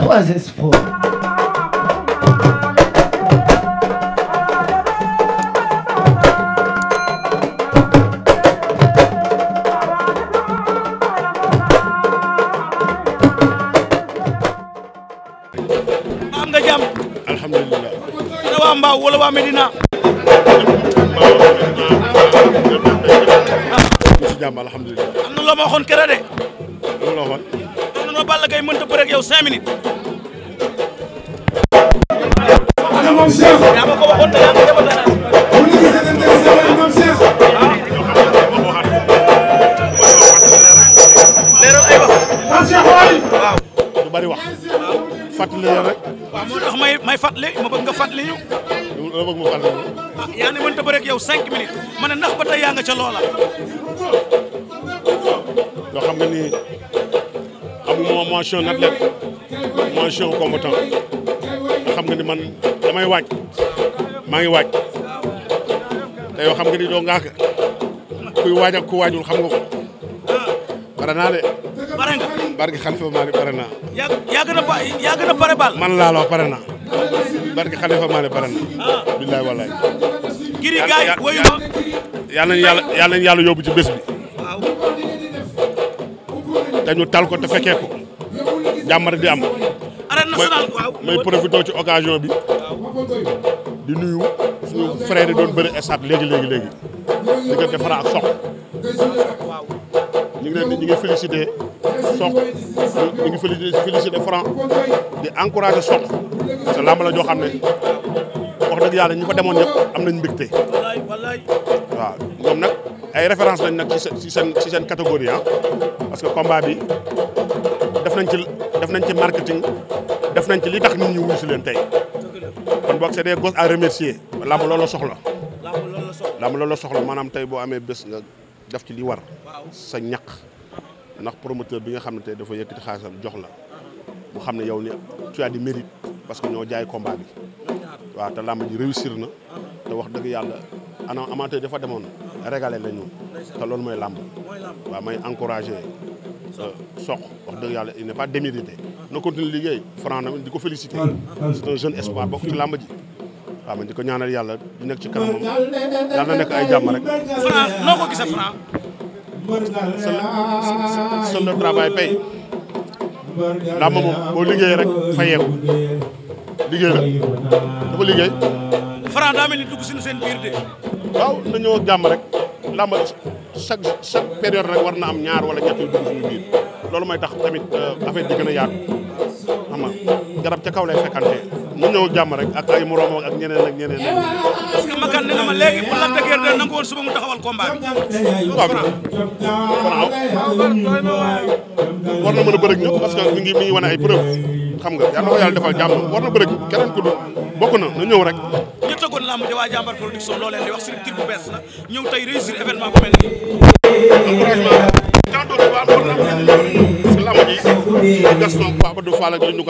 trois espoirs. am nga jàmm. alhamdulilah. ana waa Mbao wala waa Medina. am na loo ma waxoon keroog de. loolu la waxoon. ma Balla Gaye mënta bëre ak yow 5 minutes. ana lu bari wax. fàttali leen rek. may may fàttali ma bëgg nga fàttali ñu. dama bëgg mënta bëre ak yow 5 minutes ma ne ndax ba yaa nga ca loola. loo xam nga ni. am moo mention athlète mention combattant nga xam nga ni man damay waaj maa ngi waaj te yoo xam nga ni doo ngaa kuy waaj ak ku waajul xam nga ko pare naa de. pare nga barki xalifa Maalik pare naa. yaa yaa yaa gën a pare baal. man laa la pare naa barki xalifa Maalik pare naa. Ah. billaay wallaay. giri gaay woyu ma. yàlla nañu yàlla yàlla nañu ci bés bi. dañu tal ko te fekkee ko jàmm di am. arène nationale ci occasion bi. di nuyu suñu frère yi doon bëri stade léegi léegi léegi ñu ngi leen di ñu ngi félicité ñu ngi félicité di encouragé Sokh sa làmb la joo xam ne wax dëgg yàlla ñu fa demoon ñëpp am nañ mbégte waaw ñoom nag. ay référence lañ nag ci seen ci seen catégorie ah. parce que combat bi def nañ ci def nañ ci marketing def nañ ci li tax nit ñi wuyu si leen tey kon boog c'est des gosses à remercier. làmb loolu soxla. làmb loolu la soxla maanaam tey boo amee bés nga def ci li war sa ñaq ndax promoteur bi nga xam ne tey dafa yëkkati xaalisam jox la mu xam ne yow ni tu di du parce que ñoo jaay combat bi waaw te làmb ji réussir na te wax dëgg yàlla ana amateur dafa demoon. régalé nañu te mooy lamb waaw may encouragé soq wax dëgg yàlla il n'est pas démérité na continue liggéey Franc na di c'est un jeune espoir bokk ci làmb ji waaw man ñaanal yàlla di nekk ci kanamam yàlla na nekk ay jàmm rek Franc noo ko gisee Franc seul le travail làmb moom boo liggéey rek fayeeku liggéey la dafa liggéey Franc daa ni dugg suñu seen biir de waaw nañoo ak jàmm rek làmb chaque chaque période rek war na am ñaar wala ñett yu dugg biir loolu mooy tax tamit euh, affaire bi gën a yaatu xam nga garab ca kaw lay fekkante nañoo jàmm rek ak ay moroom ak ñeneen ak ñeneen ak. parce que mu taxawal combat bi. waaw waaw mën a bëri ak ñëpp parce que mi ngi mi ngi wane ay preuve xam nga yàlla na ko defal jàmm war na bëri keneen ku dul bokk na na ñëw rek. lamb ja waa jàmbar production loo leen di wax structure bu bees la ñëw ñu ko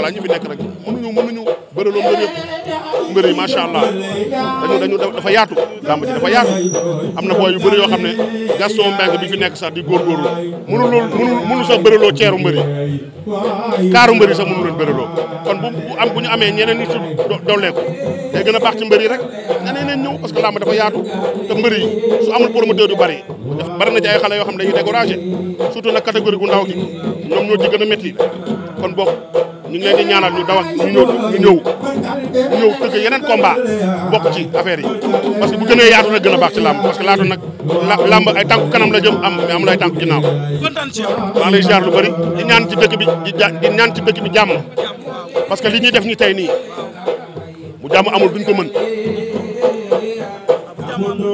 laaj ñu fi nekk rek mënuñu mënuñu bëreloo mbër yëpp allah dañu dañu dafa yaatu dafa yaatu am na booy yu bëri yoo xam ne Gaston Mbengue bi fi nekk sax di góorgóorlu mënul loolu mënul mënul sax bëreloo ceeru mbër yi kaaru mbëri sax mënu leen bëreloo kon bu amee ñeneen nit su gën a baax ci mbëri rek nanee neen ñëw parce que làmb dafa yaatu te mbër amul promoteur yu bari bari na ci ay yoo xam ne dañuy découragé surtout nag catégorie gu ndaw gi ñoom ñoo ci gën a métti kon bok ñu ngi leen ñaanal ñu daw ak ñu ñëw ñu ñëw ñu ñëw tëgg yeneen combat bokk ci affaire yi parce que bu gënee yaatu na gën a baax ci làmb parce que laatu nag làmb ay tànku kanam la jëm am mais amul ay tànku ginnaaw. kontaan ci yow. maa lay ziar lu bëri ñaan ci dëkk bi di di ñaan ci dëkk bi jàmm parce que li ñuy def ñu tey nii bu jàmm amul duñ ko mën.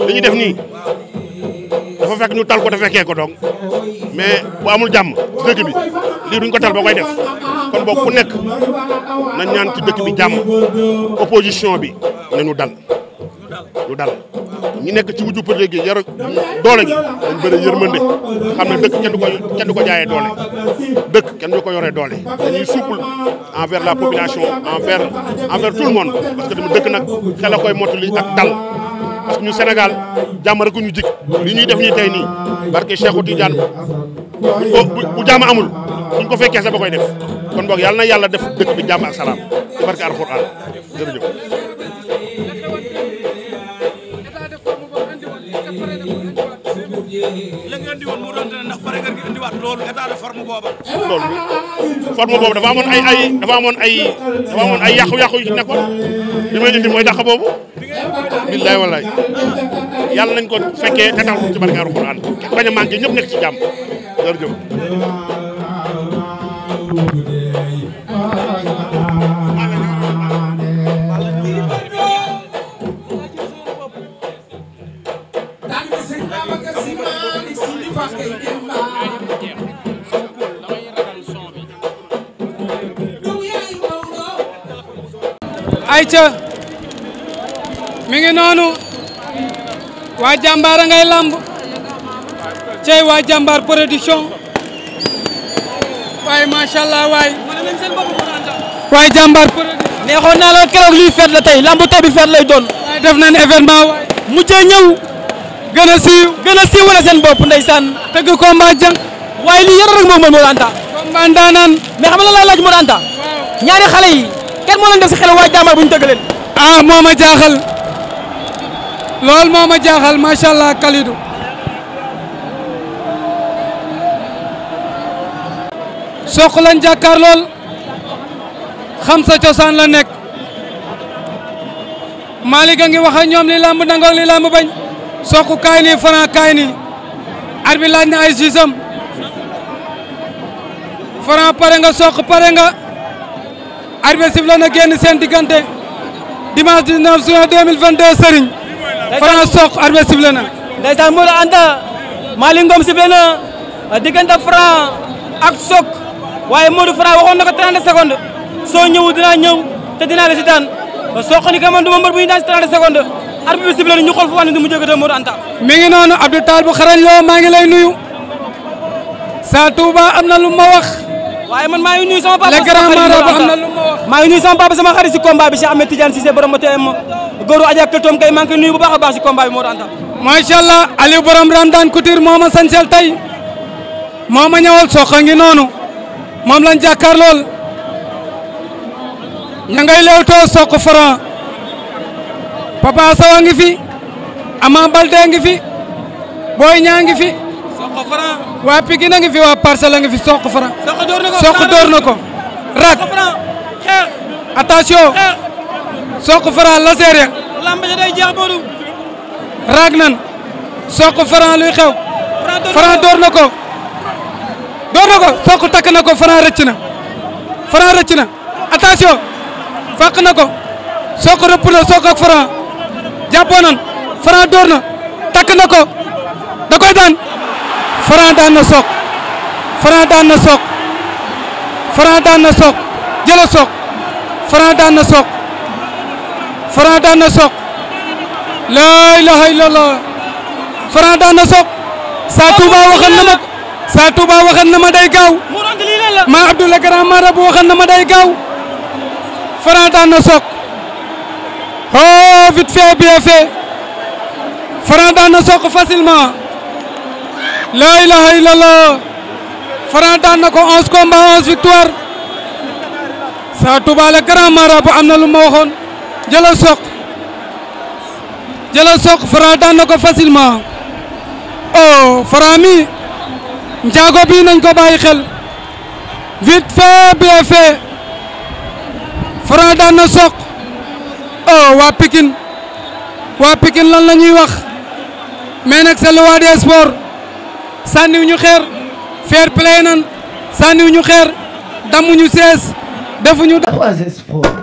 li ñu def ni dafa fekk ñu tal ko te fekkee ko donc mais bu amul jàmm ci dëkk bi lii duñ ko tal ba koy def kon boog ku nekk nañ ñaan ci dëkk bi jàmm opposition bi nañu dal ñu dal ñi nekk ci wujju pëte gi yar doole gi dañ bëri yërmande xam ne dëkk kenn ko kenn ko jaayee doole dëkk kenn du ko yoree doole dañuy souple envers la population envers envers tout parce que tamit dëkk nag xel a koy mottali dal parce que ñu Sénégal jàmm rek ñu jig li ñuy def nii tey nii barke Cheikhou Tidiane buñ ko bu jàmm amul buñ ko fekkee sax ba koy def kon boog yàlla na yàlla def dëkk bi jàmm ak salaam ci barke alxuraan jërëjëf. dafa amoon ay ay dafa amoon ay dafa yu may indi mooy dàq boobu. billaay walaay yàlla nañ ko fekkee te tal ko ci barkaaru Quraan bañ a manqué ñëpp nekk ci jàmm jërëjëf ayca mi ngi noonu waa jàmbaar a ngay lamb cey waa jàmbaar production waaye macha allah waay waaye jàmbaar production neexoon naa la keroog lii feet la tey lamb tey bi lay doon waaye def nañ événement waay mujjee ñëw gën a siiw gën a siiw wala seen bopp ndeysaan tëgg combat jàng waaye lii yara rek moo mën moo anta combat ndaanaan mais la laaj moo anta ñaari xale yi kenn moo leen def si xel waa jàmbaar bu tëgg leen ah moo ma jaaxal loolu moo ma jaaxal macha allah Kalidou. Sokh lañ jàkkaar lool xam sa la nekk Malick ngi wax ak ñoom li làmb nangoo li làmb bañ Sokh kaay nii Franc kaay laaj na ay sisam Franc pare nga Sokh pare nga ar génn seen diggante dimanche 19 juin 2022 Franc Sokh arbitre sifflé na ndeysaan Modou Anta Malick Ngom sifflé na diggante Franc ak Sokh waaye Modou Franc waxoon na ko 30 secondes soo ñëwu dinaa ñëw te dinaa la si daan Sokh ni ka man du ma mbër bu ñu daan si 30 secondes arbitre bi sifflé ñu xool fu wax ne du mu jógee Modou Anta mi ngi noonu Abdou Tall bu xarañ loo maa ngi lay nuyu Sa am na lu ma wax waaye maa ngi nuyu sama papa sama xarit am na lu ngi nuyu sama papa sama xarit si combat bi Cheikh Ahmed Tidiane Cissé ma góoru Adja Peltom kay maa ngi moo ma sañsel tey moo ma ñëwal soqa ngi noonu moom lañ jàkkaar lool lewtoo soq Franc Papa Sow ngi fi Ama Baldé a ngi fi Boy Niang ngi fi. waa Pikine ngi fi waa Parcelles ngi fi soq Franc. soq door na ko soq door Sokh Franc la séeréer. lamb ja day raag nan. Sokh Franc luy xew. Franc door na ko. door na ko Sokh takk na ko Franc rëcc na. Franc rëcc na attention. fàq na ko. Sokh rëpp na Sokh ak Franc. jàppoo nan door na. takk na ko. da koy daan. Franc daan na Sokh. Franc daan na Sokh. Franc daan na Sokh. jëla Sokh. Franc daan na Sokh. Franc daan na Sokh laa ilaha illallah Franc daan na Sokh Sa Touba waxan na ma Sa Touba waxan na ma day gaaw ma Abdoulaye Grand Marabout waxan na ma day gaaw Franc daan na Sokh oh vite fait bien fait Franc daan na Sokh facilement laa ilaha illallah Franc daan na ko 11 combats 11 victoire Sa Touba le Grand Marabout am na lu ma waxoon jëlal soq jëlal soq Franc daan na ko facilement oh Franc mi njaago bi nañ ko bàyyi xel vite fait bien fait Franc daan na soq oh waa Pikine waa Pikine lan la ñuy wax mais nag c'est le roi des sports sànniw ñu xeer fair play nan sànniw ñu xeer damuñu sees defuñu. waa sport.